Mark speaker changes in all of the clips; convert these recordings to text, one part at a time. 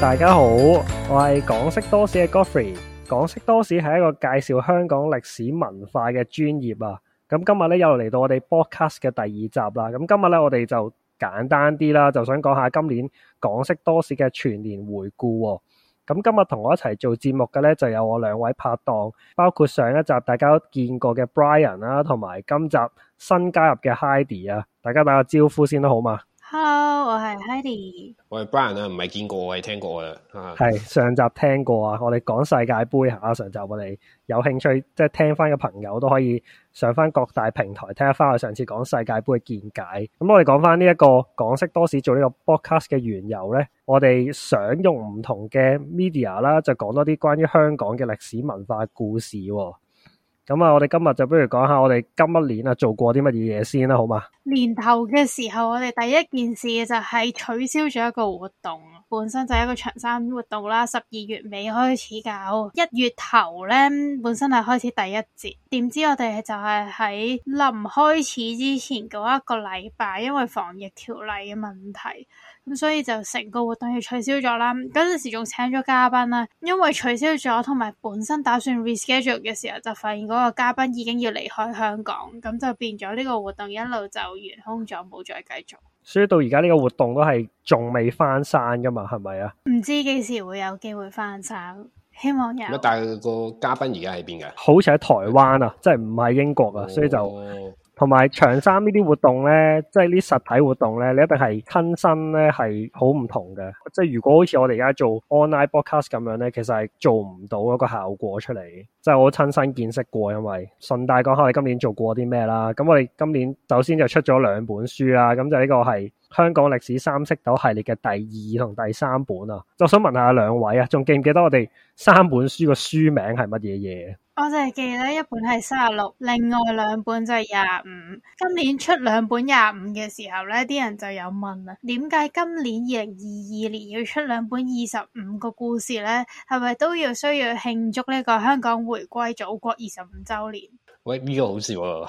Speaker 1: 大家好，我係港識多史嘅 Godfrey，港識多史係一個介紹香港歷史文化嘅專業啊。咁今日咧又嚟到我哋 Podcast 嘅第二集啦。咁今日咧我哋就簡單啲啦，就想講下今年港識多史嘅全年回顧。咁今日同我一齊做節目嘅咧就有我兩位拍檔，包括上一集大家都見過嘅 Brian 啦，同埋今集新加入嘅 Heidi 啊，大家打個招呼先啦，好嘛？
Speaker 2: Hello，我係 Haidee。我係 Brian 啊，唔係見過，我係聽過噶啦。係
Speaker 1: 上集聽過啊，我哋講世界杯吓，上集我哋有興趣即係聽翻嘅朋友都可以上翻各大平台聽翻我上次講世界杯嘅見解。咁我哋講翻呢一個港識多史做個呢個 podcast 嘅緣由咧，我哋想用唔同嘅 media 啦，就講多啲關於香港嘅歷史文化故事。咁啊，我哋今日就不如講下我哋今一年啊做過啲乜嘢嘢先啦，好嘛？
Speaker 3: 年頭嘅時候，我哋第一件事就係取消咗一個活動，本身就係一個長衫活動啦。十二月尾開始搞，一月頭呢本身係開始第一節，點知我哋就係喺臨開始之前嗰一個禮拜，因為防疫條例嘅問題。咁所以就成個活動要取消咗啦，嗰陣時仲請咗嘉賓啦、啊，因為取消咗，同埋本身打算 reschedule 嘅時候，就發現嗰個嘉賓已經要離開香港，咁就變咗呢個活動一路就懸空咗，冇再繼續。
Speaker 1: 所以到而家呢個活動都係仲未翻山噶嘛，係咪啊？
Speaker 3: 唔知幾時會有機會翻山，希望有。但
Speaker 2: 係個嘉賓而家喺邊嘅？
Speaker 1: 好似喺台灣啊，即係唔係英國啊，哦、所以就。同埋長衫呢啲活動呢，即係呢實體活動呢，你一定係親身呢，係好唔同嘅。即係如果好似我哋而家做 online broadcast 咁樣呢，其實係做唔到一個效果出嚟。即係我都親身見識過，因為順帶講下你今年做過啲咩啦。咁我哋今年首先就出咗兩本書啦。咁就呢個係香港歷史三色島系列嘅第二同第三本啊，就想問下兩位啊，仲記唔記得我哋三本書嘅書名係乜嘢嘢？
Speaker 3: 我就係記得一本係三十六，另外兩本就係廿五。今年出兩本廿五嘅時候呢，啲人就有問啦，點解今年二零二二年要出兩本二十五個故事呢？係咪都要需要慶祝呢個香港回歸祖國二十五周年？
Speaker 2: 喂，呢、這個好事，哦，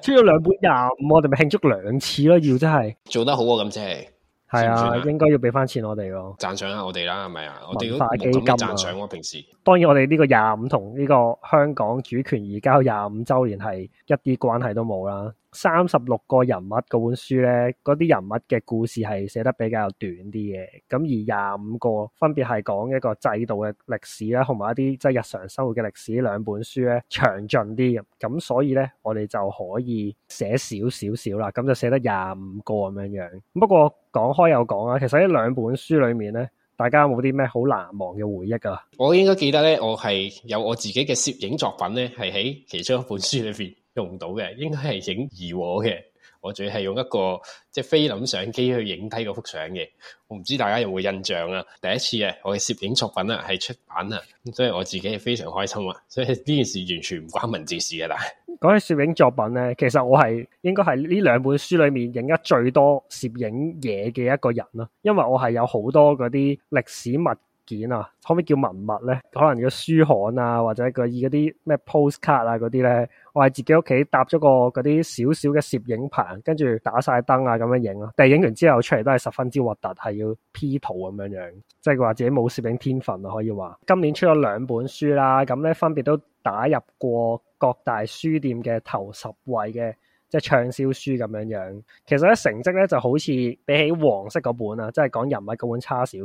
Speaker 1: 出 咗兩本廿五，我哋咪慶祝兩次咯，要真係
Speaker 2: 做得好喎，咁即係，係啊，應
Speaker 1: 該要俾翻錢我哋咯，
Speaker 2: 讚賞下我哋啦，係咪啊？文化基金、啊、讚賞我、啊、平時，
Speaker 1: 當然我哋呢個廿五同呢個香港主權移交廿五周年係一啲關係都冇啦。三十六個人物嗰本書呢，嗰啲人物嘅故事係寫得比較短啲嘅。咁而廿五個分別係講一個制度嘅歷史啦，同埋一啲即係日常生活嘅歷史兩本書呢，詳盡啲。咁所以呢，我哋就可以寫少少少啦。咁就寫得廿五個咁樣樣。不過講開又講啊，其實呢兩本書裏面呢，大家有冇啲咩好難忘嘅回憶啊？
Speaker 2: 我應該記得呢，我係有我自己嘅攝影作品呢，係喺其中一本書裏邊。用唔到嘅，應該係影疑和嘅。我仲要係用一個即係菲林相機去影低嗰幅相嘅。我唔知大家有冇印象啊？第一次啊，我嘅攝影作品啦，啊、係出版啊，所以我自己係非常開心啊。所以呢件事完全唔關文字事噶啦。
Speaker 1: 講起攝影作品咧，其實我係應該係呢兩本書裏面影得最多攝影嘢嘅一個人啦，啊，因為我係有好多嗰啲歷史物。件啊，可唔可以叫文物咧？可能要書刊啊，或者佢以嗰啲咩 postcard 啊嗰啲咧，我係自己屋企搭咗個嗰啲小小嘅攝影棚，跟住打晒燈啊咁樣影咯，但係影完之後出嚟都係十分之核突，係要 P 圖咁樣樣，即係佢話自己冇攝影天分啊，可以話。今年出咗兩本書啦，咁咧分別都打入過各大書店嘅頭十位嘅。即係暢銷書咁樣樣，其實咧成績咧就好似比起黃色嗰本啊，即係講人物嗰本差少少。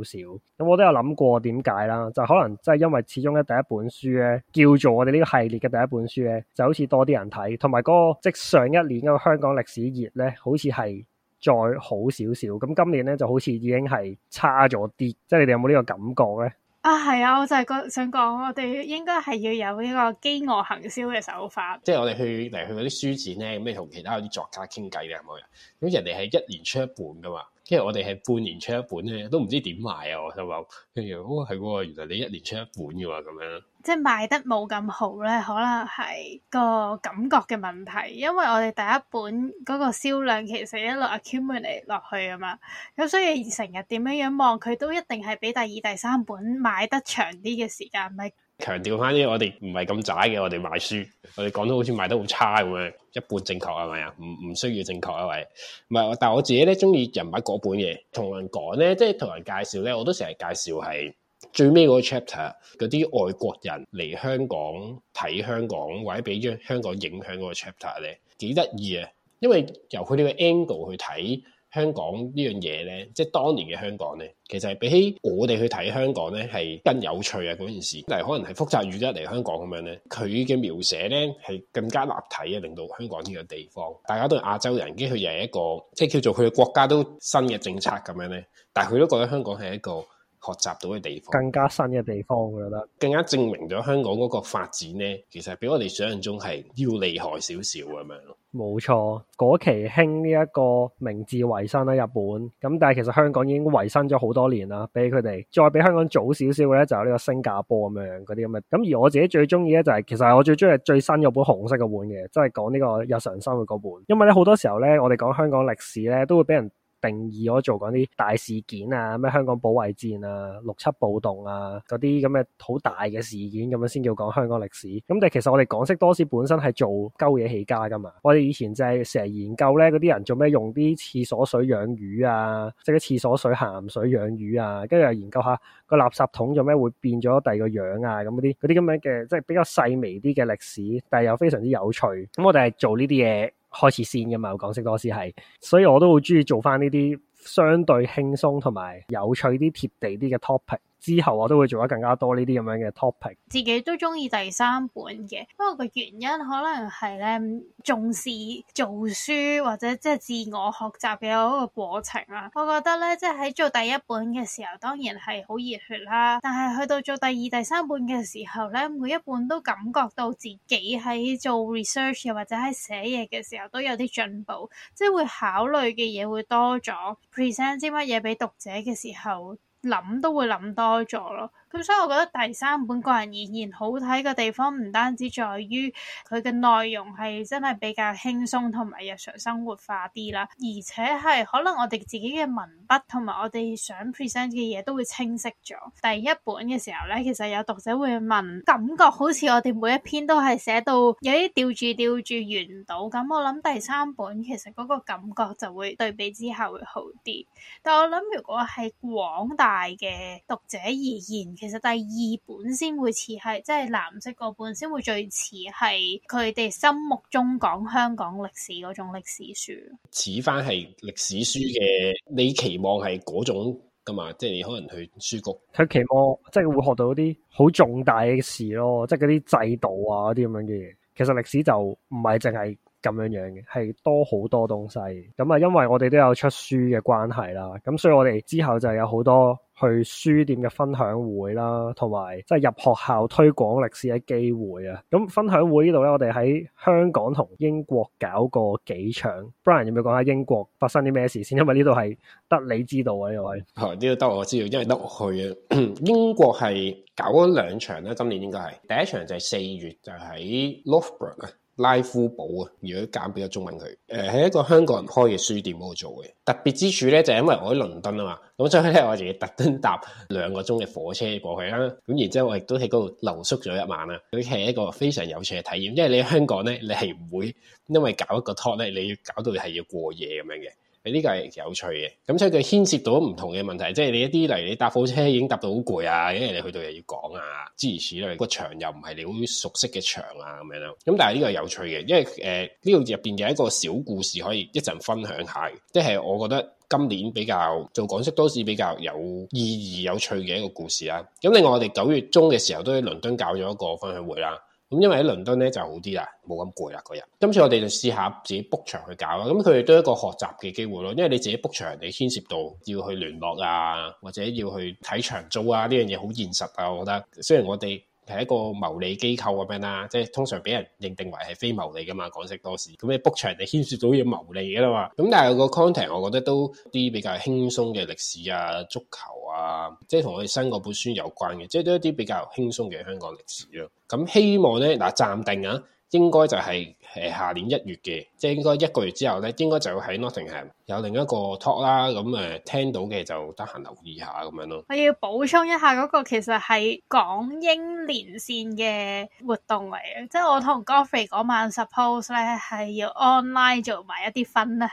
Speaker 1: 咁我都有諗過點解啦，就可能即係因為始終咧第一本書咧叫做我哋呢個系列嘅第一本書咧，就好似多啲人睇，同埋嗰即上一年嗰香港歷史熱咧，好似係再好少少。咁今年咧就好似已經係差咗啲，即係你哋有冇呢個感覺咧？
Speaker 3: 啊，係啊，我就係覺想講，我哋應該係要有呢個飢餓行銷嘅手法。
Speaker 2: 即係我哋去嚟去嗰啲書展咧，咁你同其他嗰啲作家傾偈嘅係冇人。咁人哋係一年出一本噶嘛，因為我哋係半年出一本咧，都唔知點賣啊！我就話，跟住哦係喎，原來你一年出一本嘅話咁樣。
Speaker 3: 即係賣得冇咁好咧，可能係個感覺嘅問題，因為我哋第一本嗰個銷量其實一路 accumulate 落去啊嘛，咁所以成日點樣樣望佢都一定係比第二、第三本賣得長啲嘅時間。咪
Speaker 2: 強調翻啲，我哋唔係咁窄嘅，我哋賣書，我哋講到好似賣得好差咁樣，一半正確係咪啊？唔唔需要正確啊，喂唔係，但係我自己咧中意人物嗰本嘢，同人講咧，即係同人介紹咧，我都成日介紹係。最尾嗰個 chapter，嗰啲外國人嚟香港睇香港，或者俾咗香港影響嗰個 chapter 咧，幾得意啊！因為由佢哋嘅 angle 去睇香港呢樣嘢咧，即係當年嘅香港咧，其實係比起我哋去睇香港咧係更有趣啊！嗰件事嚟，可能係複雜餘吉嚟香港咁樣咧，佢嘅描寫咧係更加立體啊，令到香港呢個地方，大家都係亞洲人，跟佢又係一個即係叫做佢嘅國家都新嘅政策咁樣咧，但係佢都覺得香港係一個。學習到嘅地方，更加新
Speaker 1: 嘅地方，我覺得
Speaker 2: 更加證明咗香港嗰個發展咧，其實係比我哋想象中係要厲害少少咁樣。
Speaker 1: 冇錯，嗰期興呢一個明治維新咧，日本咁，但係其實香港已經維新咗好多年啦，比佢哋再比香港早少少嘅咧，就有呢個新加坡咁樣嗰啲咁嘅。咁而我自己最中意咧，就係其實我最中意最新嗰本紅色嘅本嘅，即係講呢個日常生活嗰本。因為咧好多時候咧，我哋講香港歷史咧，都會俾人。定義我做講啲大事件啊，咩香港保衞戰啊、六七暴動啊，嗰啲咁嘅好大嘅事件咁樣先叫講香港歷史。咁但係其實我哋港識多史本身係做鳩嘢起家噶嘛，我哋以前就係成日研究咧嗰啲人做咩用啲廁所水養魚啊，即係啲廁所水鹹水養魚啊，跟住又研究下個垃圾桶做咩會變咗第二個樣啊，咁嗰啲嗰啲咁樣嘅即係比較細微啲嘅歷史，但係又非常之有趣。咁我哋係做呢啲嘢。開始先㗎嘛，我講識多史係，所以我都好中意做返呢啲相對輕鬆同埋有趣啲貼地啲嘅 topic。之後，我都會做得更加多呢啲咁樣嘅 topic。
Speaker 3: 自己都中意第三本嘅，不過個原因可能係咧重視做書或者即係自我學習嘅嗰個過程啦。我覺得咧，即係喺做第一本嘅時候，當然係好熱血啦。但係去到做第二、第三本嘅時候咧，每一本都感覺到自己喺做 research 又或者喺寫嘢嘅時候都有啲進步，即係會考慮嘅嘢會多咗。present 啲乜嘢俾讀者嘅時候。諗都會諗多咗咯。咁所以我覺得第三本個人而言好睇嘅地方唔單止在於佢嘅內容係真係比較輕鬆同埋日常生活化啲啦，而且係可能我哋自己嘅文筆同埋我哋想 present 嘅嘢都會清晰咗。第一本嘅時候咧，其實有讀者會問，感覺好似我哋每一篇都係寫到有啲吊住吊住原到咁。我諗第三本其實嗰個感覺就會對比之下會好啲。但我諗如果係廣大嘅讀者而言，其實第二本先會似係，即係藍色嗰本先會最似係佢哋心目中講香港歷史嗰種歷史書。
Speaker 2: 似翻係歷史書嘅，你期望係嗰種噶嘛？即係你可能去書局，佢期望即係會學
Speaker 1: 到啲好重大嘅事咯，即係嗰啲制度啊嗰啲咁樣嘅嘢。其實歷史就唔係淨係咁樣樣嘅，係多好多東西。咁啊，因為我哋都有出書嘅關係啦，咁所以我哋之後就有好多。去書店嘅分享會啦，同埋即係入學校推廣歷史嘅機會啊！咁分享會呢度咧，我哋喺香港同英國搞過幾場。Brian，有冇講下英國發生啲咩事先？因為呢度
Speaker 2: 係得你知道啊，呢位。呢度得我知道，因為得我去啊。 英國係搞咗兩場咧，今年應該係第一場就係四月，就喺 Northbrook 啊。拉夫堡啊，如果揀畀咗中文佢，誒、呃、係一個香港人開嘅書店嗰度做嘅。特別之處咧，就係、因為我喺倫敦啊嘛，咁所以咧，我哋特登搭兩個鐘嘅火車過去啦。咁然之後，我亦都喺嗰度留宿咗一晚啦。佢係一個非常有趣嘅體驗，因為你喺香港咧，你係唔會因為搞一個 talk 咧，你要搞到係要過夜咁樣嘅。呢個係有趣嘅，咁、嗯、所以佢牽涉到唔同嘅問題，即係你一啲例如你搭火車已經搭到好攰啊，因為你去到又要講啊，諸如此類，個場又唔係你好熟悉嘅場啊，咁樣咯。咁、嗯、但係呢個係有趣嘅，因為誒呢度入邊有一個小故事可以一陣分享下，即、就、係、是、我覺得今年比較做港識多史比較有意義有趣嘅一個故事啦、啊。咁、嗯、另外我哋九月中嘅時候都喺倫敦搞咗一個分享會啦。咁因為喺倫敦呢就好啲啦，冇咁攰啦嗰日。今次我哋就試下自己 book 場去搞啦，咁佢哋都一個學習嘅機會咯。因為你自己 book 場，你牽涉到要去聯絡啊，或者要去睇場租啊，呢樣嘢好現實啊，我覺得。雖然我哋係一個牟利機構咁樣啦，即係通常俾人認定為係非牟利噶嘛，港識多史，咁你 book 場就牽涉到要牟利噶啦嘛，咁但係個 content 我覺得都啲比較輕鬆嘅歷史啊、足球啊，即係同我哋新嗰本書有關嘅，即係都一啲比較輕鬆嘅香港歷史咯。咁、嗯嗯、希望咧嗱暫定啊，應該就係係下年一月嘅，即係應該一個月之後咧，應該就會喺 Nottingham。有另一個 talk 啦，咁誒聽到嘅就得閒留意下咁樣咯。
Speaker 3: 我要補充一下，嗰個其實係港英連線嘅活動嚟嘅，即係我同 Godfrey 嗰晚 suppose 咧係要 online 做埋一啲分享，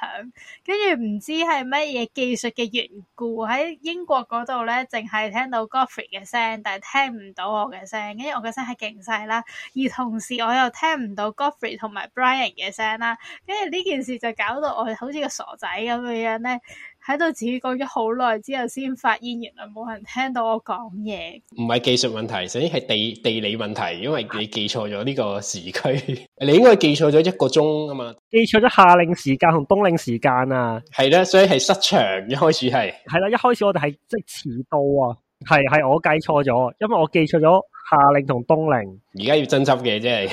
Speaker 3: 跟住唔知係乜嘢技術嘅緣故喺英國嗰度咧，淨係聽到 Godfrey 嘅聲，但係聽唔到我嘅聲，跟住我嘅聲係勁細啦。而同時我又聽唔到 Godfrey 同埋 Brian 嘅聲啦，跟住呢件事就搞到我好似個傻仔。咁嘅人咧，喺度自己講咗好耐之後，先發現原來冇人聽到我講嘢。
Speaker 2: 唔係技術問題，首先係地地理問題，因為你記錯咗呢個時區。 你應該記錯咗一個鐘啊嘛，記錯咗夏令時間同冬令時間啊。係啦，所以係失場一開始係。
Speaker 1: 係啦，一開始我哋係即係遲到啊。係係我計錯咗，因為我記錯咗夏令同冬令。
Speaker 2: 而家要爭執嘅，即係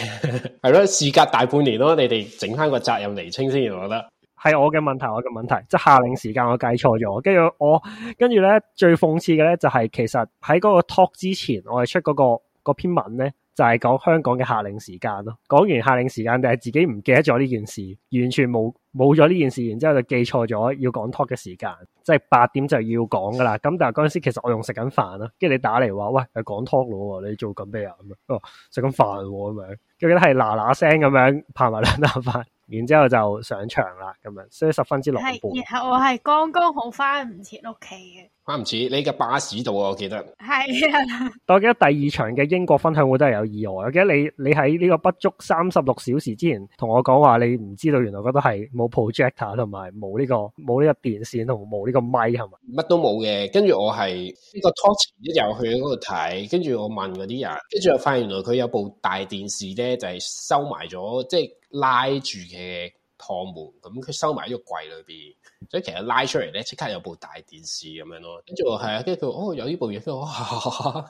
Speaker 2: 係咯，事隔大半年咯，啊，你哋整翻個責任釐清先，我覺得。係我嘅問題，我嘅問題，即係下令時間
Speaker 1: 我計錯咗，跟住我跟住咧，最諷刺嘅咧就係，其實喺嗰個 talk 之前，我係出嗰個篇文咧，就係講香港嘅下令時間咯。講完下令時間，但係自己唔記得咗呢件事，完全冇冇咗呢件事，然之後就記錯咗要講 talk 嘅時間，即係八點就要講噶啦。咁但係嗰陣時，其實我用食緊飯啦，跟住你打嚟話，喂，又講 talk 咯，你做緊咩啊咁啊，食緊飯咁樣，跟住咧係嗱嗱聲咁樣拍埋兩啖飯。然之後就上場啦，咁樣所以十分之狼狽。然
Speaker 3: 後我係剛剛好翻唔切屋企
Speaker 2: 嘅。翻唔切？你嘅巴士度啊，我記得。
Speaker 3: 係
Speaker 1: 啊的。我記得第二場嘅英國分享會都係有意外。我記得你，你喺呢個不足三十六小時之前同我講話，你唔知道原來我都係冇 projector 同埋冇呢、這個冇呢個電線同
Speaker 2: 冇呢個咪，係咪？乜都冇嘅。跟住我係呢、這個 talk 前一路去嗰度睇，跟住我問嗰啲人，跟住又發現原來佢有部大電視咧，就係、是、收埋咗，即係。拉住嘅趟門，咁佢收埋喺個櫃裏邊，所以其實拉出嚟咧，即刻有部大電視咁樣咯。跟住係啊，跟住哦，有呢部嘢都哇咁啊，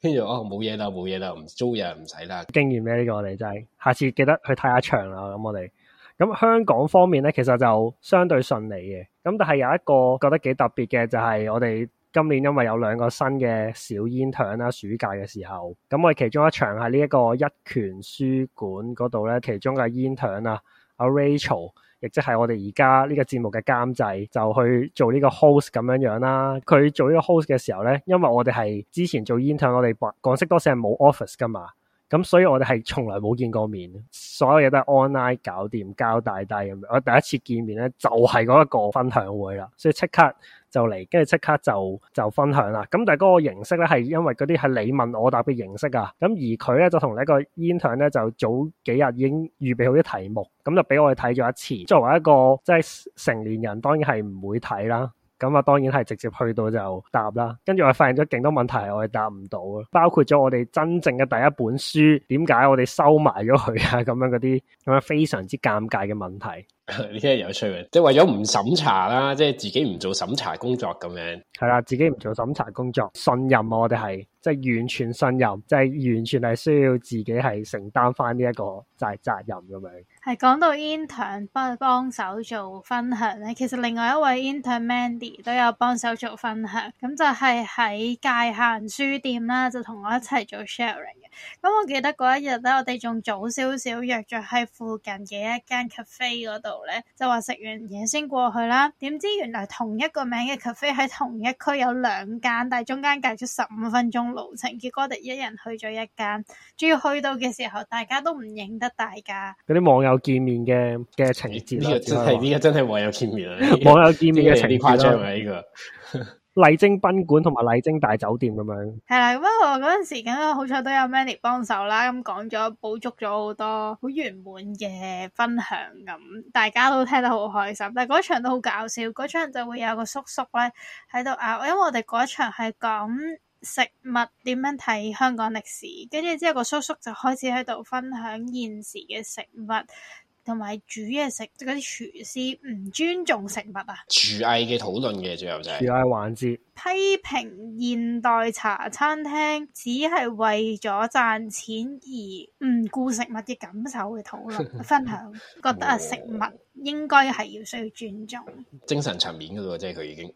Speaker 2: 跟住哦冇嘢啦，冇嘢啦，唔租嘢唔使啦。
Speaker 1: 經驗咩呢個我哋真係，下次記得去睇下場啦。咁我哋咁香港方面咧，其實就相對順利嘅。咁但係有一個覺得幾特別嘅，就係我哋。今年因為有兩個新嘅小 intern 啦，暑假嘅時候，咁我哋其中一場係呢一個一拳書館嗰度咧，其中嘅 intern 啊，阿 Rachel，亦即係我哋而家呢個節目嘅監製，就去做呢個 host 咁樣樣啦。佢做呢個 host 嘅時候咧，因為我哋係之前做 intern，我哋港港識多史係冇 office 㗎嘛。咁所以我哋係從來冇見過面，所有嘢都係 online 搞掂交大低咁樣。我第一次見面咧就係嗰一個分享會啦，所以即刻就嚟，跟住即刻就就分享啦。咁但係嗰個形式咧係因為嗰啲係你問我答嘅形式啊，咁而佢咧就同呢一個 intern 咧就早幾日已經預備好啲題目，咁就俾我哋睇咗一次。作為一個即係、就是、成年人，當然係唔會睇啦。咁啊，當然係直接去到就答啦。跟住我發現咗勁多問題，我係答唔到啊。包括咗我哋真正嘅第一本書，點解我哋收埋咗佢啊？咁樣嗰啲咁樣非常之尷尬嘅問題，
Speaker 2: 呢啲係有趣嘅，即係為咗唔審查啦，即係自己唔做審查工作咁樣。
Speaker 1: 係啦，自己唔做審查工作，信任我哋係。完全信任，即係完全係需要自己係承擔翻呢一個責係責任咁樣。
Speaker 3: 係講到 intern 幫幫手做分享咧，其實另外一位 intern Mandy 都有幫手做分享，咁就係喺界限書店啦，就同我一齊做 sharing 嘅。咁我記得嗰一日咧，我哋仲早少少約咗喺附近嘅一間 cafe 嗰度咧，就話食完嘢先過去啦。點知原來同一個名嘅 cafe 喺同一區有兩間，但係中間隔咗十五分鐘。情結果，我哋一人去咗一間，仲要去到嘅時候，大家都唔認得大家
Speaker 1: 嗰啲網友見面嘅嘅情節啦。呢個真係呢個真係網
Speaker 2: 友見面啊！網友見面嘅情節啦，呢個
Speaker 1: 麗晶賓館同埋麗晶大酒店咁樣
Speaker 3: 係啦。不過嗰陣時，咁好彩都有 Mandy 幫手啦，咁講咗補足咗好多好圓滿嘅分享，咁大家都聽得好開心。但係嗰場都好搞笑，嗰場就會有個叔叔咧喺度咬，因為我哋嗰場係咁。食物點樣睇香港歷史，跟住之後個叔叔就開始喺度分享現時嘅食物同埋煮嘅食嗰啲廚師唔尊重食物啊，廚
Speaker 2: 藝嘅討論嘅最後就係廚
Speaker 1: 藝玩注
Speaker 3: 批評現代茶餐廳，只係為咗賺錢而唔顧食物嘅感受嘅討論分享，覺得啊，食物應該係要需要尊重
Speaker 2: 精神層面嘅、那、咯、個，即係佢已經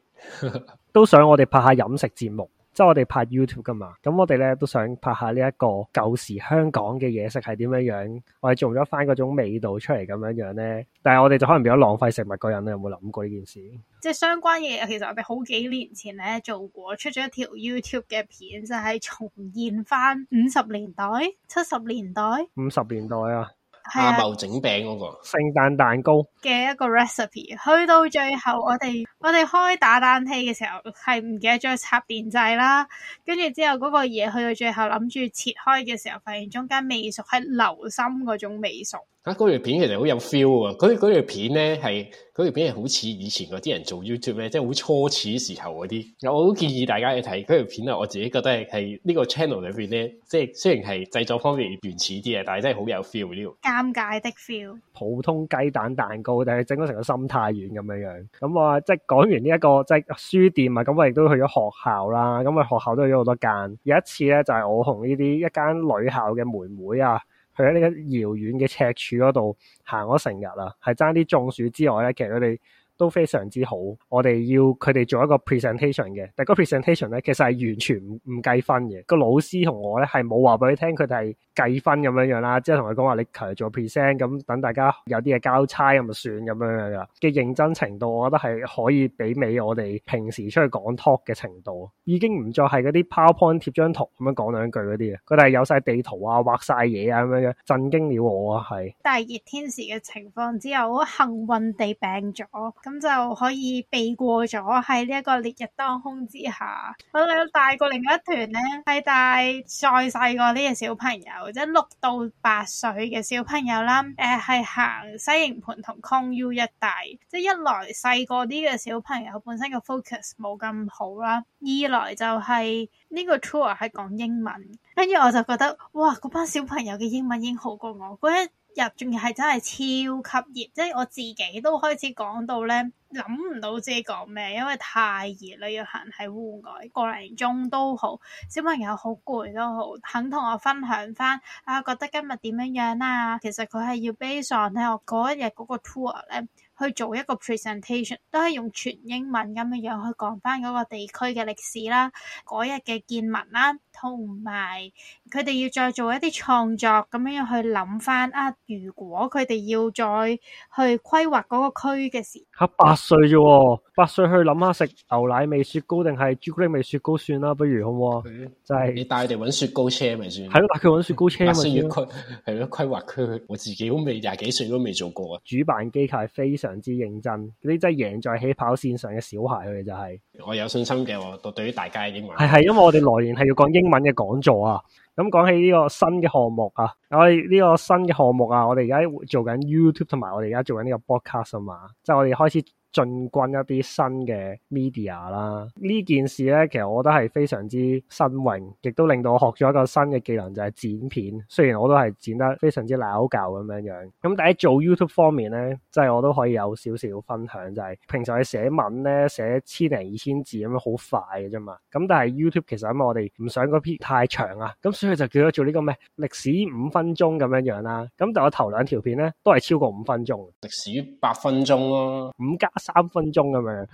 Speaker 1: 都想我哋拍下飲食節目。即係我哋拍 YouTube 噶嘛，咁我哋咧都想拍下呢、這、一個舊時香港嘅嘢食係點樣樣，我哋做咗翻嗰種味道出嚟，咁樣樣咧，但係我哋就可能變咗浪費食物嗰人，人有冇諗過呢件事？
Speaker 3: 即係相關嘢，其實我哋好幾年前咧做過，出咗一條 YouTube 嘅片，就係、是、重現翻五十年代、七十年代、
Speaker 1: 五十年代啊。阿茂整餅嗰個聖誕蛋糕
Speaker 3: 嘅一個 recipe，去到最後我哋我哋開打蛋器嘅時候係唔記得咗插電掣啦，跟住之後嗰個嘢，去到最後諗住切開嘅時候，發現中間未熟，係流心嗰種未熟。
Speaker 2: 啊！嗰條片其實好有 feel 啊！嗰嗰條片咧係嗰條片係好似以前嗰啲人做 YouTube 咧，即係好初始時候嗰啲。我好建議大家去睇嗰條片啦，我自己覺得係呢個 channel 裏邊咧，即係雖然係製作方面原始啲啊，但係真係好有 feel 呢個。
Speaker 3: 尷尬的
Speaker 1: feel。普通雞蛋蛋糕，定係整咗成個心太軟咁樣樣？咁我、啊、即係講完呢、這、一個即係書店啊，咁我亦都去咗學校啦。咁啊，學校都有好多間。有一次咧，就係、是、我同呢啲一間女校嘅妹妹啊。去喺呢個遙遠嘅赤柱嗰度行咗成日啦，係爭啲中暑之外咧，其實佢哋都非常之好。我哋要佢哋做一個 presentation 嘅，但係個 presentation 咧，其實係完全唔唔計分嘅。個老師同我咧係冇話俾佢聽，佢哋係。計分咁樣樣啦，即係同佢講話你求做 present 咁，等大家有啲嘢交差咁就算咁樣樣嘅認真程度，我覺得係可以媲美我哋平時出去講 talk 嘅程度，已經唔再係嗰啲 PowerPoint 貼張圖咁樣講兩句嗰啲嘅，佢哋有晒地圖啊，畫晒嘢啊咁樣樣，震驚了我啊，係
Speaker 3: 大熱天時嘅情況，之後好幸運地病咗咁就可以避過咗喺呢一個烈日當空之下。好，你都帶過另一團咧，係帶再細個啲嘅小朋友。或者六到八歲嘅小朋友啦，誒係行西營盤同康 U 一帶，即係一來細個啲嘅小朋友本身個 focus 冇咁好啦，二來就係呢個 tour 係講英文，跟住我就覺得，哇，嗰班小朋友嘅英文已經好過我嗰入仲要係真係超級熱，即係我自己都開始講到咧，諗唔到自己講咩，因為太熱啦，要行喺戶外個零鐘都好，小朋友好攰都好，肯同我分享翻啊，覺得今日點樣樣、啊、啦，其實佢係要 based on，睇我嗰日嗰個 tour 咧。去做一個 presentation，都係用全英文咁樣樣去講翻嗰個地區嘅歷史啦，嗰日嘅見聞啦、啊，同埋佢哋要再做一啲創作咁樣樣去諗翻啊！如果佢哋要再去規劃嗰個區嘅時，
Speaker 1: 吓八歲啫，八歲去諗下食牛奶味雪糕定係朱古力味雪糕算啦，不如好唔好啊？嗯、就係、是、你
Speaker 2: 帶地搵雪糕車咪算，
Speaker 1: 係咯，佢搵雪糕車咪算。八歲
Speaker 2: 區係咯，規劃區，我自己都未廿幾
Speaker 1: 歲都未做過主辦機構係非常。非常之認真，嗰啲真係贏在起跑線上嘅小孩
Speaker 2: 佢哋就係、是，我有信心嘅。我對於大家嘅英文係，係
Speaker 1: 因為我哋來年係要講英文嘅講座啊。咁講起呢個新嘅項目啊，我哋呢個新嘅項目啊，我哋而家做緊 YouTube 同埋我哋而家做緊呢個 Podcast 啊嘛，即係我哋開始。進軍一啲新嘅 media 啦，呢件事呢，其實我覺得係非常之新穎，亦都令到我學咗一個新嘅技能就係、是、剪片。雖然我都係剪得非常之撈教咁樣樣，咁但係做 YouTube 方面呢，即、就、係、是、我都可以有少少分享，就係、是、平常去寫文呢，寫千零二千字咁樣好快嘅啫嘛。咁但係 YouTube 其實因為我哋唔想嗰片太長啊，咁所以就叫我做呢個咩歷史五分鐘咁樣樣啦。咁但我頭兩條片呢，都係超過五分鐘，歷史八分鐘咯、啊，五三分鐘咁樣，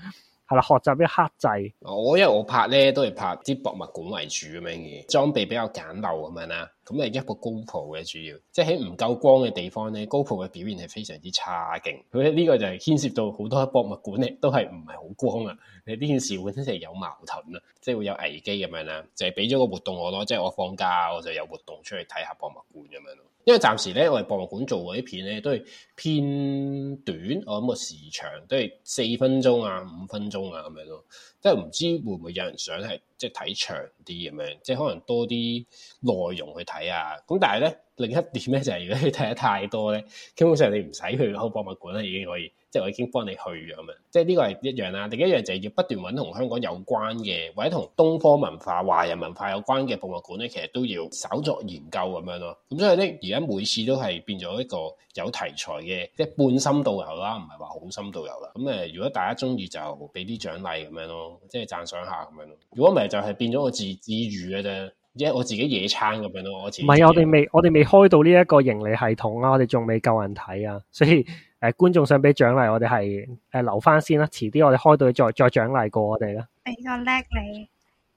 Speaker 1: 係啦，學習啲克制。
Speaker 2: 我因為我拍咧都係拍啲博物館為主咁樣嘅，裝備比較簡陋咁樣啦。咁係一個 GoPro 嘅主要，即係喺唔夠光嘅地方咧，GoPro 嘅表現係非常之差勁。佢呢個就係牽涉到好多博物館咧，都係唔係好光啊。你呢件事本身就係有矛盾啊，即係會有危機咁樣啦。就係俾咗個活動我咯，即係我放假我就有活動出去睇下博物館咁樣咯。因為暫時咧，我哋博物館做嗰啲片咧都係偏短，我諗個時長都係四分鐘啊、五分鐘啊咁樣咯。即係唔知會唔會有人想係即係睇長啲咁樣，即係可能多啲內容去睇啊。咁但係咧另一點咧就係，如果你睇得太多咧，基本上你唔使去開博物館啦，已經可以即係我已經幫你去咁樣。即係呢個係一樣啦。另一樣就係要不斷揾同香港有關嘅，或者同東方文化、華人文化有關嘅博物館咧，其實都要稍作研究咁樣咯。咁所以咧，而家每次都係變咗一個有題材嘅，即係半深度遊啦，唔係話好深度遊啦。咁誒，如果大家中意就俾啲獎勵咁樣咯。即係讚賞下咁樣咯，如果唔係就係變咗我自自娛嘅啫，即係我自己野餐咁樣咯，我自唔係我哋未，
Speaker 1: 我哋未開到呢一個盈利系統啊，我哋仲未夠人睇啊，所以誒、呃、觀眾想俾獎勵我哋係誒留翻先啦，遲啲我哋開到再再，再獎勵過我哋啦。
Speaker 3: 俾個叻你，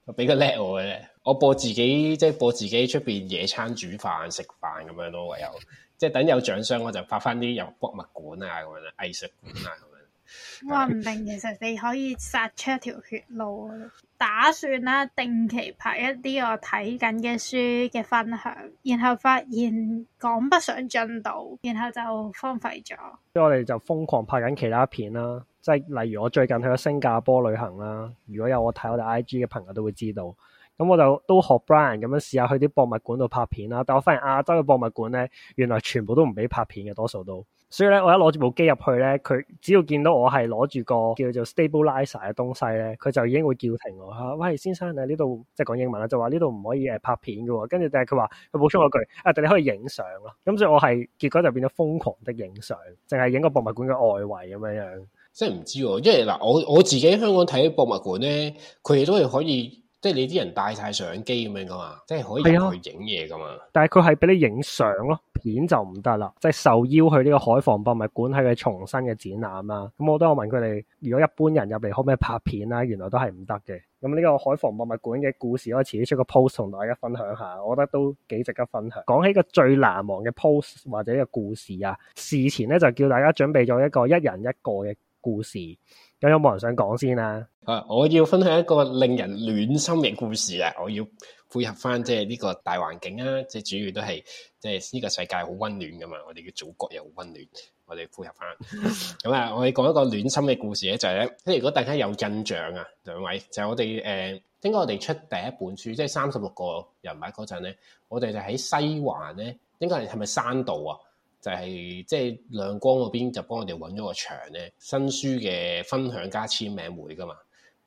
Speaker 3: 我俾個叻
Speaker 2: 我嘅，我播自己即係、就是、播自己出邊野餐、煮飯、食飯咁樣咯，唯有， 即係等有獎賞我就發翻啲由博物館啊、咁樣藝術館啊。
Speaker 3: 我話唔定，其實你可以殺出一條血路。打算啦，定期拍一啲我睇緊嘅書嘅分享，然後發現趕不上進度，然後就荒廢咗。
Speaker 1: 所以我哋就瘋狂拍緊其他片啦，即係例如我最近去咗新加坡旅行啦。如果有我睇我哋 I G 嘅朋友都會知道。咁我就都學 Brian 咁樣試下去啲博物館度拍片啦。但我發現亞洲嘅博物館咧，原來全部都唔俾拍片嘅，多數都。所以咧，我一攞住部機入去咧，佢只要見到我係攞住個叫做 stabilizer 嘅東西咧，佢就已經會叫停我吓。喂，先生喺呢度，即係講英文啦，就話呢度唔可以誒拍片嘅。跟住但係佢話，佢補充我一句，誒、啊，但你可以影相咯。咁、嗯、所以我，我係結果就變咗瘋狂的影
Speaker 2: 相，淨係影個博物館嘅外圍咁樣樣。即係唔知，因為嗱，我我自己喺香港睇博物館咧，佢亦都係可以。即係你啲人帶晒相機咁樣噶嘛，即係可以入去影嘢噶嘛。
Speaker 1: 但係佢係俾你影相咯，片就唔得啦。即係受邀去呢個海防博物館係佢重新嘅展覽啦。咁我都有問佢哋，如果一般人入嚟可唔可以拍片啊？原來都係唔得嘅。咁呢個海防博物館嘅故事開始出個 post 同大家分享下，我覺得都幾值得分享。講起個最難忘嘅 post 或者個故事啊，事前咧就叫大家準備咗一個一人一個嘅故事。有冇人想講先啦？
Speaker 2: 啊，我要分享一個令人暖心嘅故事啊！我要配合翻即係呢個大環境啊，即係主要都係即係呢個世界好溫暖噶嘛，我哋嘅祖國又好溫暖，我哋配合翻。咁啊、 嗯，我哋講一個暖心嘅故事咧，就係、是、咧，即係如果大家有印象啊，兩位就是、我哋誒、呃，應該我哋出第一本書，即係三十六個人物嗰陣咧，我哋就喺西環咧，應該係咪山道啊？就係即係亮光嗰邊就幫我哋揾咗個場咧，新書嘅分享加簽名會噶嘛。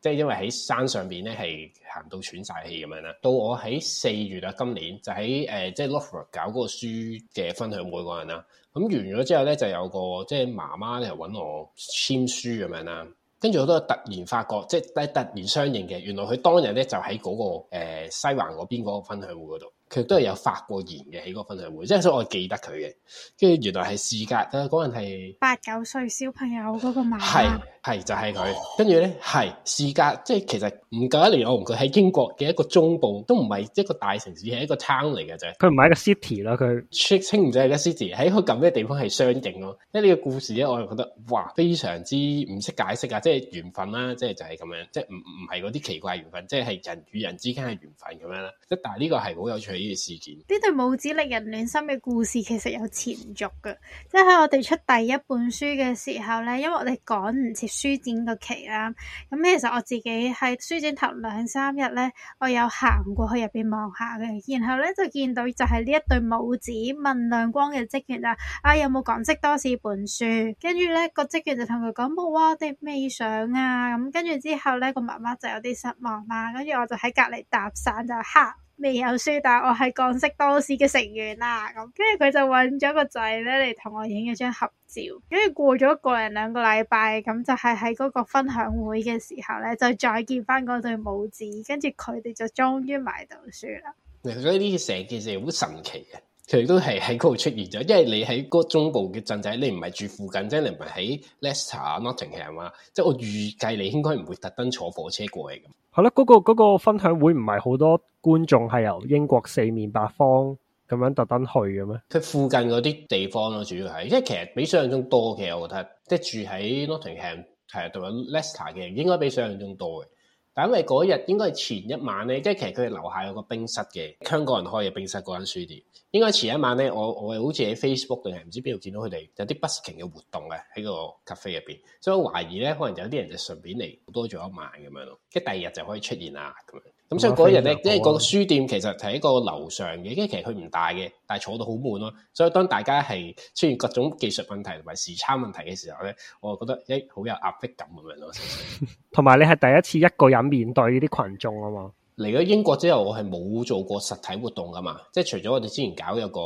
Speaker 2: 即係因為喺山上邊咧，係行到喘晒氣咁樣啦。到我喺四月啊，今年就喺誒即係 Love r 搞嗰個書嘅分享會人，嗰陣啦。咁完咗之後咧，就有個即係媽媽嚟揾我簽書咁樣啦。跟住我都突然發覺，即係突然相認嘅，原來佢當日咧就喺嗰個，誒，西環嗰邊嗰個分享會嗰度。佢都係有發過言嘅喺個分享會，即係所以我記得佢嘅。跟住原來係事隔啊，嗰陣係
Speaker 3: 八九歲小朋友嗰個媽媽，係
Speaker 2: 係就係佢。跟住咧係事隔，即係其實唔夠一年，我同佢喺英國嘅一個中部，都唔係一個大城市，係一個 town 嚟嘅啫。佢唔係一個 city 啦，佢清唔止係個 city，喺佢咁嘅地方係相應咯。因為呢個故事咧，我就覺得哇，非常之唔識解釋啊，即係緣分啦，即係就係咁樣，即係唔唔係嗰啲奇怪嘅緣分，即係人與人之間嘅緣分咁樣啦。即係但係呢個係好有趣。
Speaker 3: 呢對母子令人暖心嘅故事，其實有前續嘅，即係我哋出第一本書嘅時候呢，因為我哋趕唔切書展個期啦。咁其實我自己喺書展頭兩三日呢，我有行過去入邊望下嘅，然後呢就見到就係呢一對母子問亮光嘅職員啊，啊有冇港識多史本書？跟住呢個職員就同佢講冇啊，我哋未上啊。咁跟住之後呢，個媽媽就有啲失望啦，跟住我就喺隔離搭訕就嚇。未有書，但我係港識多史嘅成員啦，咁，跟住佢就揾咗個仔呢嚟同我影咗張合照，跟住過咗個人兩個禮拜，咁就係喺嗰個分享會嘅時候呢，就再見翻嗰對母子，跟住佢哋就終於買到書啦。
Speaker 2: 所以呢件成件事好神奇嘅，啊。其實都係喺嗰度出現咗，因為你喺嗰中部嘅鎮仔，你唔係住附近，啫，你唔係喺 Leicester、Nottingham 啊，即係我預計你應該唔會特登坐火車過嚟咁。
Speaker 1: 係咯、嗯，嗰個個分享會唔係好多觀眾係由英國四面八方咁樣特登去嘅咩？
Speaker 2: 佢、 嗯、附近嗰啲地方咯、啊，主要係即係其實比想象中多嘅。我覺得即係住喺 Nottingham 係同埋 Leicester 嘅，應該比想象中多嘅。但係因為嗰日應該係前一晚咧，即係其實佢哋樓下有個冰室嘅，香港人開嘅冰室嗰間書店。應該前一晚咧，我我好似喺 Facebook 定係唔知邊度見到佢哋有啲 busking 嘅活動咧，喺個 cafe 入邊，所以我懷疑咧，可能有啲人就順便嚟多咗一晚咁樣咯，跟住第二日就可以出現啦咁樣。咁、嗯、所以嗰日咧，因為個書店其實係一個樓上嘅，因為其實佢唔大嘅，但係坐到好悶咯。所以當大家係出現各種技術問題同埋時差問題嘅時候咧，我就覺得誒好有壓迫感咁樣咯。
Speaker 1: 同埋 你係第一次一個人面對呢啲群眾啊嘛？
Speaker 2: 嚟咗 英國之後，我係冇做過實體活動噶嘛，即係除咗我哋之前搞有個。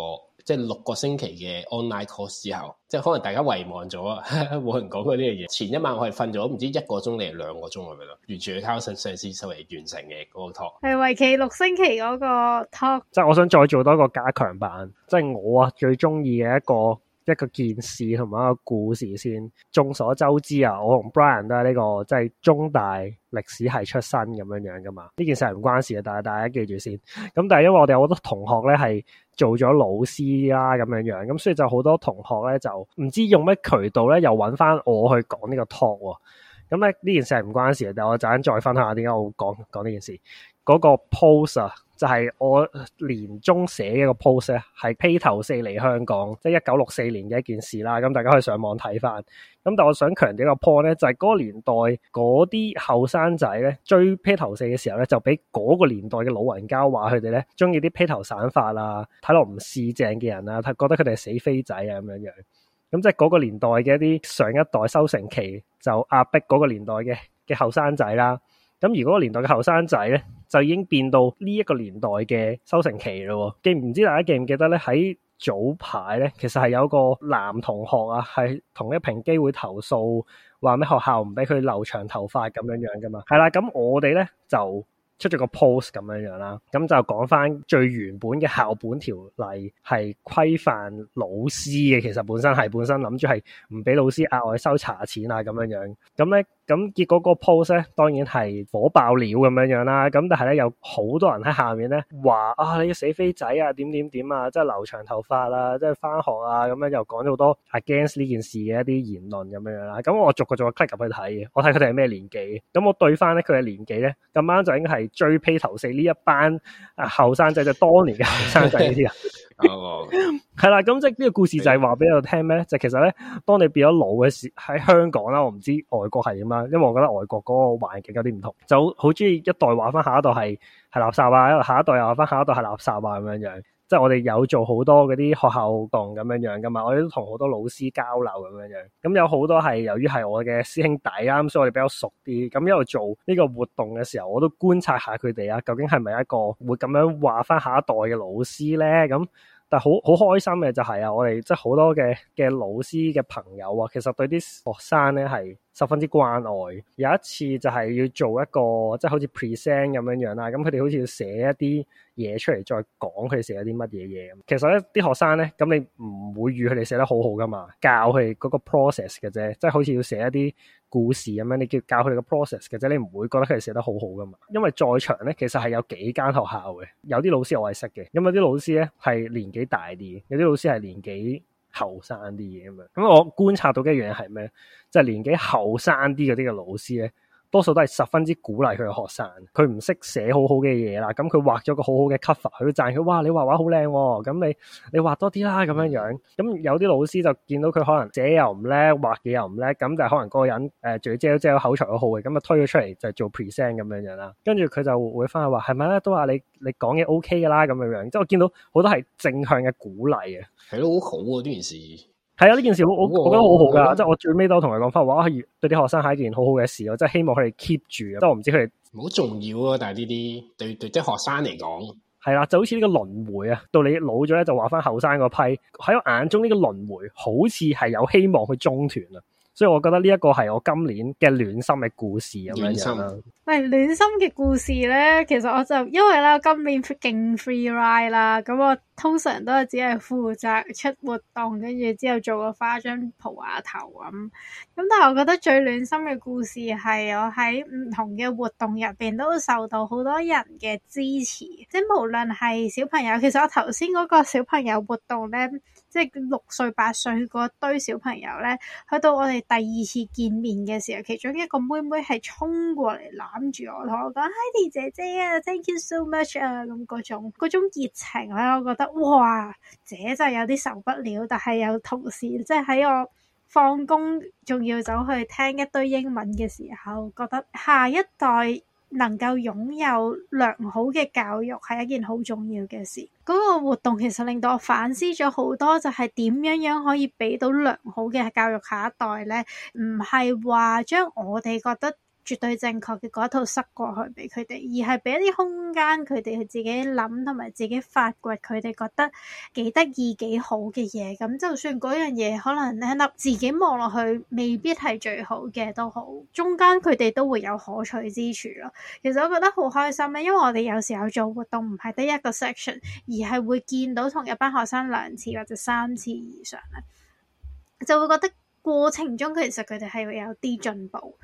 Speaker 2: 即係六個星期嘅 online course 之後，即係可能大家遺忘咗啊！冇 人講過呢樣嘢。前一晚我係瞓咗唔知一個鐘定係兩個鐘，係咪咯，完全靠上上司嚟完成嘅嗰個 talk。
Speaker 3: 係為期六星期嗰個 talk。
Speaker 1: 即係我想再做多一個加強版，即係我啊最中意嘅一個。一個件事同埋一個故事先。眾所周知啊，我同 Brian 都係呢個即係中大歷史系出身咁樣樣噶嘛。呢件事係唔關事嘅，但係大家記住先。咁但係因為我哋有好多同學咧係做咗老師啦、啊、咁樣樣，咁所以就好多同學咧就唔知用咩渠道咧又揾翻我去講呢個 talk。咁咧呢件事係唔關事嘅，但係我陣間再分享下點解我講講呢件事，嗰個 poster 啊。就係我年中寫嘅一個 post 咧，係披頭四嚟香港，即係一九六四年嘅一件事啦。咁大家可以上網睇返。咁但我想強調一個 point 咧，就係、是、嗰個年代嗰啲後生仔咧追披頭四嘅時候咧，就俾嗰個年代嘅老人家話佢哋咧中意啲披頭散發啊，睇落唔似正嘅人啊，覺得佢哋係死飛仔啊咁樣樣。咁即係嗰個年代嘅一啲上一代收成期就壓迫嗰個年代嘅嘅後生仔啦。咁如果個年代嘅後生仔咧。就已經變到呢一個年代嘅收成期咯喎，記唔知大家記唔記得咧？喺早排咧，其實係有個男同學啊，係同一平機會投訴，話咩學校唔俾佢留長頭髮咁樣樣噶嘛，係啦，咁我哋咧就，出咗個 post 咁樣樣啦，咁就講翻最原本嘅校本條例係規範老師嘅，其實本身係本身諗住係唔俾老師額外收茶錢啊咁樣樣，咁咧咁結果個 post 咧當然係火爆料咁樣樣啦，咁但係咧有好多人喺下面咧話啊，你個死飛仔啊點點點啊，即係留長頭髮啦、啊，即係翻學啊咁樣又講咗好多 against 呢件事嘅一啲言論咁樣樣啦，咁我逐個逐個 click 入去睇嘅，我睇佢哋係咩年紀，咁我對翻咧佢嘅年紀咧咁啱就應該係。最披頭四呢一班啊，後生仔就當年嘅後生仔呢啲啊，係啦，咁即係呢個故事就係話俾我聽咩？嗯、就其實咧，當你變咗老嘅時，喺香港啦，我唔知外國係點樣，因為我覺得外國嗰個環境有啲唔同，就好中意一代話翻下一代係係垃圾啊，因為下一代又話翻下一代係垃圾啊，咁樣樣。即係我哋有做好多嗰啲學校活動咁樣樣噶嘛，我哋都同好多老師交流咁樣樣。咁有好多係由於係我嘅師兄弟啊，咁所以我哋比較熟啲。咁一路做呢個活動嘅時候，我都觀察下佢哋啊，究竟係咪一個會咁樣話翻下一代嘅老師咧？咁。但好好開心嘅就係啊，我哋即係好多嘅嘅老師嘅朋友啊，其實對啲學生咧係十分之關愛。有一次就係要做一個即係好似 present 咁樣樣啦，咁佢哋好似要寫一啲嘢出嚟再講佢哋寫咗啲乜嘢嘢。其實一啲學生咧，咁你唔會預佢哋寫得好好噶嘛，教佢嗰個 process 嘅啫，即係好似要寫一啲故事咁樣，你叫教佢哋個 process 嘅啫，你唔會覺得佢哋寫得好好噶嘛。因為在場咧，其實係有幾間學校嘅，有啲老師我係識嘅，咁有啲老師咧係年紀大啲，有啲老師係年紀後生啲嘅咁樣。咁我觀察到嘅一樣係咩咧？就係年紀後生啲嗰啲嘅老師咧。多數都係十分之鼓勵佢嘅學生，佢唔識寫好好嘅嘢啦，咁佢畫咗個好好嘅 cover，佢就讚佢，哇，你畫畫好靚喎，咁你你畫多啲啦，咁樣樣，咁有啲老師就見到佢可能寫又唔叻，畫嘅又唔叻，咁就係可能個人誒，最至遮口才好嘅，咁啊推咗出嚟就做 presentation 咁樣樣啦，跟住佢就會翻去話，係咪咧都話你你講嘢 OK 噶啦，咁樣樣，即係我見到好多係正向嘅鼓勵啊，
Speaker 2: 係咯，好好啊呢件事。
Speaker 1: 係啊，呢件事我的我覺得好好噶的，即係我最尾都同佢講翻話，對啲學生係一件好好嘅事咯，即係希望佢哋 keep 住。即係我
Speaker 2: 唔知佢哋好重要啊，但係呢啲對對即係學生嚟講，
Speaker 1: 係啦，就好似呢個輪迴啊，到你老咗咧，就話翻後生嗰批喺我眼中呢個輪迴，好似係有希望去中斷啊。所以，我覺得呢一個係我今年嘅暖心嘅故事咁樣樣
Speaker 3: 啦。係暖心嘅故事咧，其實我就因為咧今年勁 free ride 啦，咁我通常都係只係負責出活動，跟住之後做個化妝、蒲下頭咁。咁但係我覺得最暖心嘅故事係我喺唔同嘅活動入邊都受到好多人嘅支持，即係無論係小朋友，其實我頭先嗰個小朋友活動咧。即係六歲八歲嗰堆小朋友咧，去到我哋第二次見面嘅時候，其中一個妹妹係衝過嚟攬住我，同我講：Haidee 姐姐啊，thank you so much 啊，咁、嗯、嗰種嗰種熱情咧，我覺得哇，姐，姐就有啲受不了。但係有同事，即係喺我放工仲要走去聽一堆英文嘅時候，覺得下一代。能夠擁有良好嘅教育係一件好重要嘅事。嗰個活動其實令到我反思咗好多，就係點樣樣可以畀到良好嘅教育下一代咧？唔係話將我哋覺得。絕對正確嘅嗰套塞過去俾佢哋，而係俾一啲空間佢哋去自己諗，同埋自己發掘佢哋覺得幾得意、幾好嘅嘢。咁就算嗰樣嘢可能你自己望落去未必係最好嘅都好，中間佢哋都會有可取之處咯。其實我覺得好開心咧，因為我哋有時候做活動唔係得一個 section，而係會見到同一班學生兩次或者三次以上咧，就會覺得過程中其實佢哋係會有啲進步。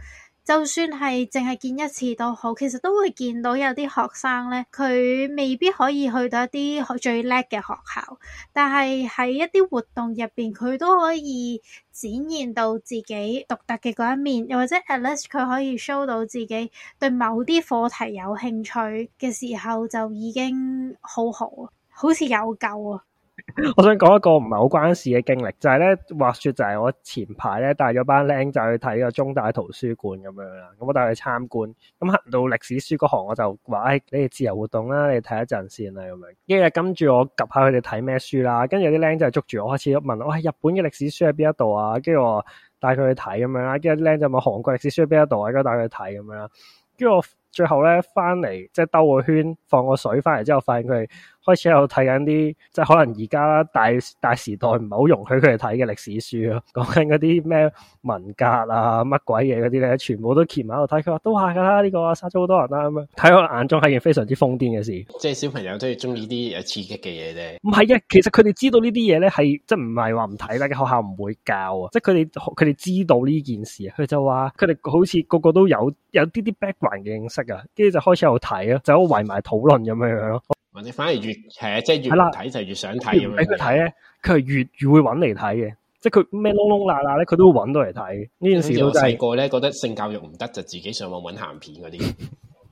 Speaker 3: 就算係淨係見一次都好，其實都會見到有啲學生咧，佢未必可以去到一啲最叻嘅學校，但係喺一啲活動入邊，佢都可以展現到自己獨特嘅嗰一面，又或者 a least，t 佢可以 show 到自己對某啲課題有興趣嘅時候，就已經好好，好似有救啊！
Speaker 1: 我想講一個唔係好關事嘅經歷，就係咧話說，就係我前排咧帶咗班僆仔去睇個中大圖書館咁樣啦，咁我帶佢去參觀，咁、嗯、行到歷史書嗰行我就話，誒、哎，你哋自由活動啦，你哋睇一陣先啦，咁樣，一日跟住我及下佢哋睇咩書啦，跟住有啲僆仔捉住我開始問，哇、哎，日本嘅歷史書喺邊一度啊，跟住我帶佢去睇咁樣啦，跟住啲僆仔問韓國歷史書喺邊一度，而家帶佢去睇咁樣啦，跟住我。最後咧翻嚟，即係兜個圈放個水，翻嚟之後發現佢哋開始喺度睇緊啲，即係可能而家大大時代唔係好容許佢哋睇嘅歷史書咯，講緊嗰啲咩文革啊乜鬼嘢嗰啲咧，全部都黐埋喺度睇。佢話都係㗎啦，呢個
Speaker 2: 殺咗好多人啦，咁樣
Speaker 1: 睇我眼中係件非常之瘋癲嘅事。
Speaker 2: 即係小朋友都係中意啲有刺激嘅嘢咧。
Speaker 1: 唔係啊，其實佢哋知道呢啲嘢咧係即係唔係話唔睇，但係學校唔會教啊。即係佢哋佢哋知道呢件事，佢就話佢哋好似個個都有有啲啲 background 嘅認識。跟住就開始有睇咯，就圍埋討論咁樣樣咯。你
Speaker 2: 反而越係即係越睇的就越想睇咁樣。俾佢睇
Speaker 1: 咧，佢係越越會揾嚟睇嘅。即係佢咩窿窿罅罅咧，佢都會揾到嚟睇。呢件事就係我細個
Speaker 2: 咧覺得性教育唔得，就自己上網揾鹹片嗰啲，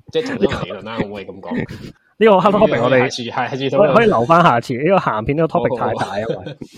Speaker 2: 即係同樣理論啦。 我會咁講。呢 個 topic 我哋可以留翻下
Speaker 1: 次。呢 個鹹片呢個 topic 太大。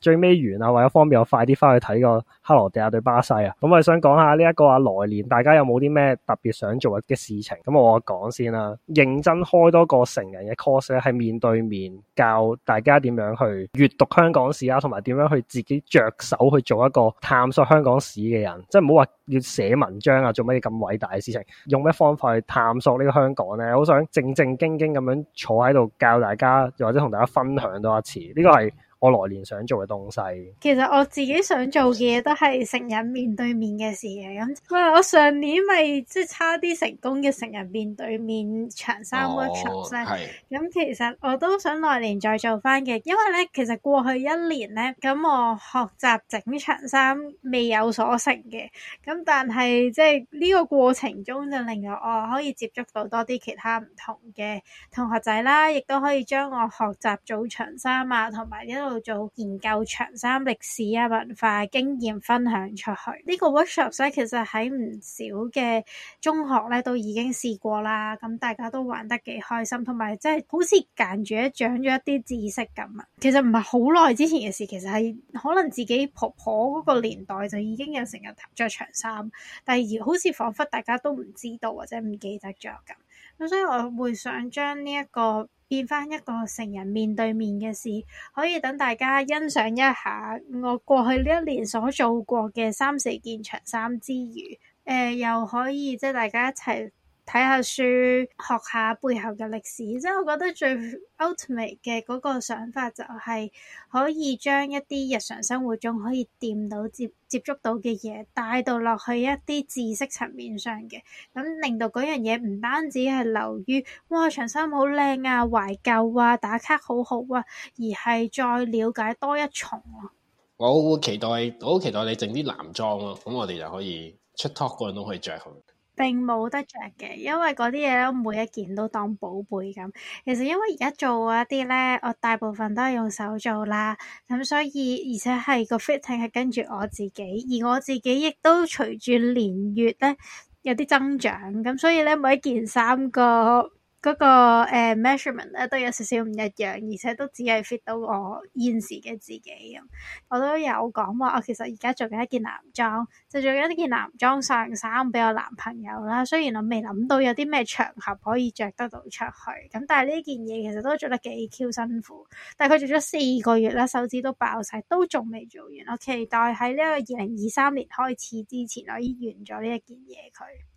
Speaker 1: 最尾完啊，為咗方便我快啲翻去睇個克羅地亞對巴西啊，咁我想講下呢一個啊來年，大家有冇啲咩特別想做嘅事情？咁我講先啦，認真開多個成人嘅 course 咧，係面對面教大家點樣去閱讀香港史啊，同埋點樣去自己着手去做一個探索香港史嘅人，即係唔好話要寫文章啊，做乜嘢咁偉大嘅事情？用咩方法去探索呢個香港咧？我好想正正經經咁樣坐喺度教大家，又或者同大家分享多一次，呢個係。我來年想做嘅東西，
Speaker 3: 其實我自己想做嘅嘢都係成人面對面嘅事嘅咁。喂，我上年咪即係差啲成功嘅成人面對面長衫 w o，咁其實我都想來年再做翻嘅，因為咧其實過去一年咧，咁我學習整長衫未有所成嘅，咁但係即係呢個過程中就令我可以接觸到多啲其他唔同嘅同學仔啦，亦都可以將我學習做長衫啊，同埋一做研究長衫歷史啊、文化經驗分享出去，呢個 workshop 咧、啊，其實喺唔少嘅中學咧都已經試過啦，咁大家都玩得幾開心，同埋即係好似間住一長咗一啲知識咁啊。其實唔係好耐之前嘅事，其實係可能自己婆婆嗰個年代就已經有成日着長衫，但係好似仿佛大家都唔知道或者唔記得着咁。咁所以我會想將呢一個變翻一個成人面對面嘅事，可以等大家欣賞一下我過去呢一年所做過嘅三四件長衫之餘，誒、呃，又可以即係大家一齊。睇下書，學下背後嘅歷史，即係我覺得最 ultimate 嘅嗰個想法就係可以將一啲日常生活中可以掂到接接觸到嘅嘢帶到落去一啲知識層面上嘅，咁令到嗰樣嘢唔單止係流於哇長衫好靚啊、懷舊啊、打卡好好啊，而係再了解多一重咯、
Speaker 2: 啊。好，我期待，我好期待你整啲男裝咯、啊，咁我哋就可以出 talk 嗰陣都可以着好。
Speaker 3: 並冇得着嘅，因為嗰啲嘢咧，每一件都當寶貝咁。其實因為而家做嗰啲咧，我大部分都係用手做啦，咁所以而且係個 fitting 係跟住我自己，而我自己亦都隨住年月咧有啲增長，咁所以咧每一件衫個。嗰、那個、uh, measurement 咧都有少少唔一樣，而且都只係 fit 到我現時嘅自己咁。我都有講話，我其實而家做緊一件男裝，就做緊呢件男裝上衫俾我男朋友啦。雖然我未諗到有啲咩場合可以着得到出去，咁但係呢件嘢其實都着得幾 Q 辛苦。但係佢着咗四個月啦，手指都爆晒，都仲未做完。我期待喺呢個二零二三年開始之前，可以完咗呢一件嘢佢。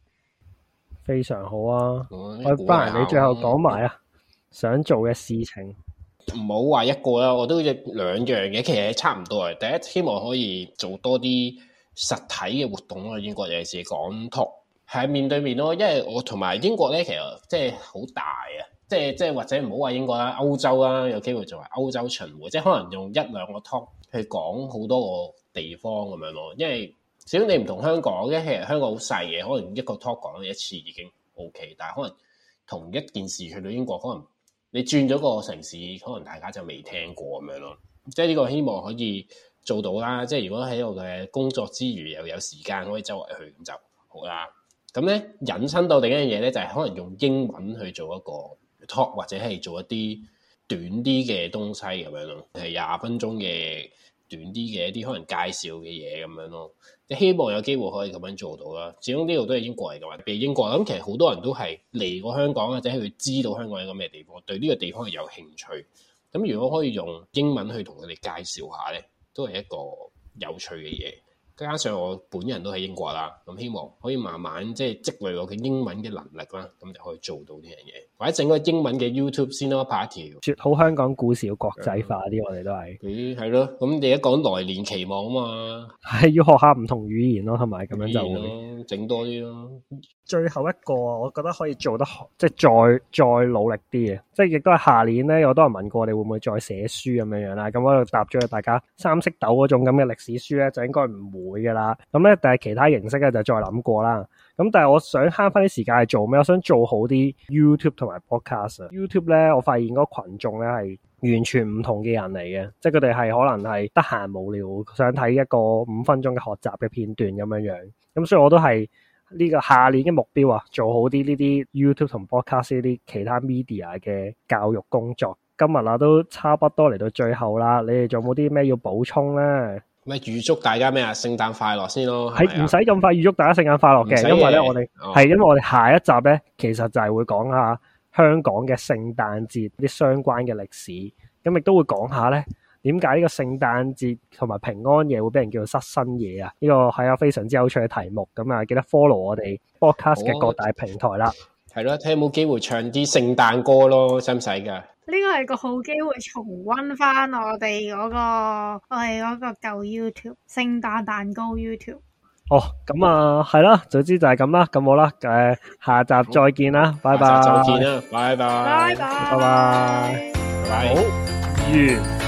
Speaker 1: 非常好啊！我返嚟你最後講埋啊，想做嘅事情
Speaker 2: 唔好話一個啦，我都兩樣嘢。其實差唔多啊，第一希望可以做多啲實體嘅活動啊。英國尤其是講 talk 係面對面咯、啊，因為我同埋英國咧，其實即係好大啊，即係即係或者唔好話英國啦、啊，歐洲啦、啊、有機會做埋歐洲巡迴，即係可能用一兩個 talk 去講好多個地方咁樣咯，因為。始終你唔同香港嘅，其實香港好細嘅，可能一個 talk 講一次已經 OK。但係可能同一件事去到英國，可能你轉咗個城市，可能大家就未聽過咁樣咯。即係呢個希望可以做到啦。即係如果喺我嘅工作之餘又有時間，可以周圍去咁就好啦。咁咧引申到另一樣嘢咧，就係可能用英文去做一個 talk，或者係做一啲短啲嘅東西咁樣咯，係廿分鐘嘅。短啲嘅一啲可能介紹嘅嘢咁樣咯，你希望有機會可以咁樣做到啦。始終呢度都係英國嚟嘅嘛，譬如英國咁，其實好多人都係嚟過香港或者係佢知道香港係一個咩地方，對呢個地方係有興趣。咁如果可以用英文去同佢哋介紹下咧，都係一個有趣嘅嘢。加上我本人都喺英國啦，咁希望可以慢慢即係積累我嘅英文嘅能力啦，咁就可以做到呢樣嘢。或者整個英文嘅 YouTube 先咯，拍一條，
Speaker 1: 好香港故事要國際化啲，的我哋都
Speaker 2: 係。係咯，咁你一講來年期望啊嘛，
Speaker 1: 係 要學下唔同語言咯，係咪？咁樣就
Speaker 2: 整、是、多啲咯。最後一個，
Speaker 1: 我覺得可以做得好，即係再再努力啲嘅，即係亦都係下年咧，有多人問過你會唔會再寫書咁樣樣啦。咁我就答咗大家三色豆嗰種咁嘅歷史書咧，就應該唔會噶啦。咁咧，但係其他形式咧就再諗過啦。咁但係我想慳翻啲時間去做咩？我想做好啲 YouTube 同埋 Podcast。YouTube 咧，我發現嗰群眾咧係完全唔同嘅人嚟嘅，即係佢哋係可能係得閒無聊，想睇一個五分鐘嘅學習嘅片段咁樣樣。咁所以我都係。呢個下年嘅目標啊，做好啲呢啲 YouTube 同 Podcast 呢啲其他 media 嘅教育工作。今日啊，都差不多嚟到最後啦。你哋仲有冇啲咩要補充呢？
Speaker 2: 唔係預祝大家咩啊？聖誕快樂先咯，係唔
Speaker 1: 使咁快預祝大家聖誕快樂嘅，因為咧我哋係、哦、因為我哋下一集呢，其實就係會講下香港嘅聖誕節啲相關嘅歷史，咁亦都會講下呢。點解呢個聖誕節同埋平安夜會俾人叫做失身夜啊？呢個係一個非常之有趣嘅題目，咁啊，記得 follow 我哋 podcast 嘅各大平台
Speaker 2: 啦。係咯，睇有冇機會唱啲聖誕歌咯，使唔使噶？
Speaker 3: 呢個係個好機會重溫翻我哋嗰個我哋嗰個舊 YouTube 聖誕蛋糕 YouTube。
Speaker 1: 哦，咁啊，係啦，總之就係咁啦，咁好啦，誒，下集再見啦，拜拜。再
Speaker 3: 見啦，拜拜。拜拜拜拜。好，
Speaker 2: 完。